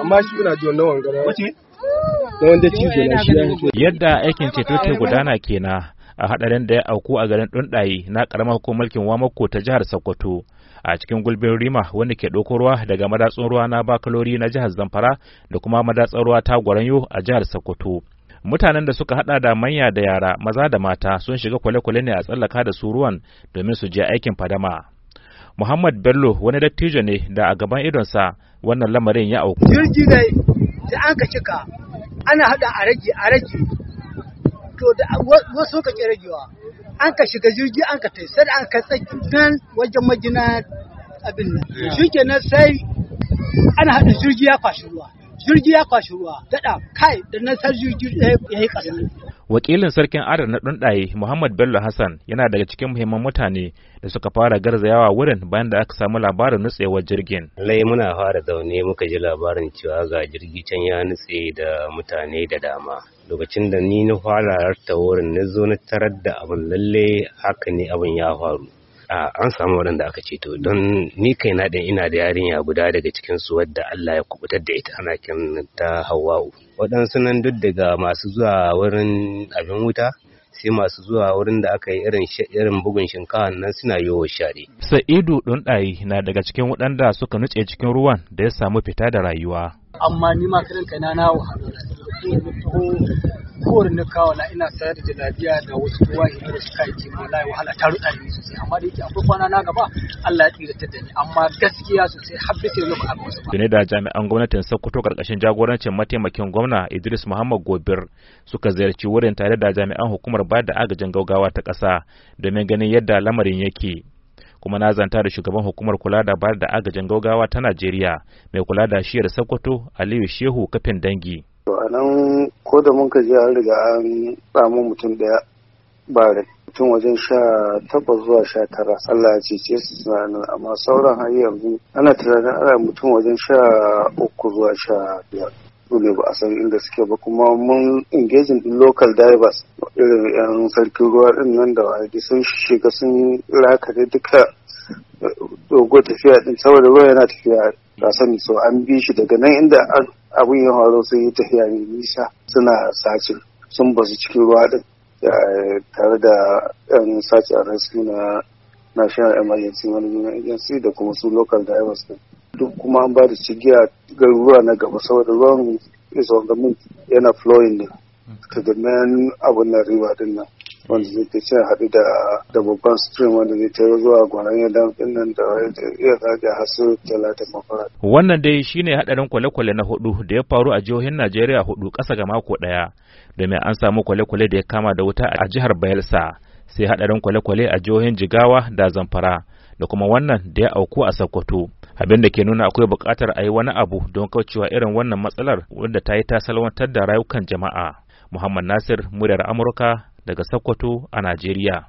amma shi ina jiwon nawan gara na yadda aikin ceto ke gudana kenan a hadarin da ya auku a garin Dundaye na karamar hukumar Wamako ta jihar Sokoto a cikin gulbin Rima wanda ke ɗauko ruwa daga madatsun ruwa na Bakalori na jihar Zamfara da kuma madatsun ruwa ta Gwaranyo a jihar Sokoto mutanen da suka hada da manya da yara maza da mata sun shiga kwale-kwale ne a tsallaka da su ruwan domin su je aikin fadama Muhammad Bello wani dattijo ne da a gaban idonsa wannan lamarin ya auku. Jirgi ne da aka cika ana haɗa a rage a rage to da wasu kake ragewa an ka shiga jirgi an ka tai sai an ka tsaki nan wajen majina abin nan shikenan sai ana hada jirgi ya kwashi ruwa jirgi ya kwashi ruwa Dada, kai da nan sai jirgi ya yi kasa wakilin sarkin adar na ɗunɗaye muhammad bello hassan yana daga cikin muhimman mutane da suka fara garzayawa wurin bayan da aka samu labarin nutsewar jirgin lai muna fara zaune muka ji labarin cewa ga jirgi can ya nutse da mutane da dama lokacin da ni na fara rarta wurin na zo na tarar da abin lalle haka ne abin ya faru A an samu waɗanda aka ceto don ni kai na ɗin ina da yarinya guda daga cikin su wadda Allah ya kubutar da ita ana kiran ta Hawwa'u waɗansu nan duk daga masu zuwa wurin abin wuta sai masu zuwa wurin da aka yi irin irin bugun shinkawa nan suna yowa share. Sa'idu ɗayi na daga cikin waɗanda suka nutse cikin ruwan da ya samu fita da rayuwa. Amma ni ma kiran kaina na wahala kowar na ina sayar da lafiya da wasu tuwahi da suka yi ma wahala ta ruɗa sosai amma da yake akwai kwana na gaba Allah ya tsira da ni amma gaskiya sosai har bisa a wasu ba. da jami'an gwamnatin Sokoto karkashin jagorancin mataimakin gwamna Idris Muhammad Gobir suka ziyarci wurin tare da jami'an hukumar ba da agajin gaugawa ta ƙasa domin ganin yadda lamarin yake. kuma na zanta da shugaban hukumar kula da bayar da agajin gaugawa ta Najeriya mai kula da shiyar Sokoto Aliyu Shehu Kafin Dangi. to a nan ko da mun je an riga an samu mutum ɗaya ba mutum wajen sha takwas zuwa sha tara Allah ya cece su tunanin amma sauran har yanzu ana tunanin ana mutum wajen sha uku zuwa sha biyar Dole ba a san inda suke ba kuma mun engaging din local divers irin yan sarkin ruwa din nan da wani sun shiga sun lakare duka dogo tafiya din saboda ruwa yana tafiya da sani so an bi shi daga nan inda an abin ya horo sun yi tafiya mai nisa suna sace sun basu cikin ruwa din tare da yan sace a rasu na national emergency management agency da kuma su local divers din duk kuma an ba da cigiya garuruwa na gaba saboda ruwan isa on yana flowing ne hmm. to the main abin na riba din nan wanda zai ta ce haɗu da da babban stream wanda zai ta zuwa gwanan ya dan ɗin nan da ya zaga hasu talatin mafarat. Wannan dai shine haɗarin kwale-kwale na hudu da ya faru a jihohin Najeriya hudu ƙasa ga mako ɗaya domin an samu kwale-kwale da ya kama da wuta a jihar Bayelsa sai haɗarin kwale-kwale a jihohin Jigawa da Zamfara da kuma wannan da ya auku a Sokoto. abin da ke nuna akwai buƙatar a yi wani abu don kaucewa irin wannan matsalar wadda ta yi ta salwantar da rayukan jama'a. Muhammad Nasir, muryar Amurka, daga Sokoto a Najeriya.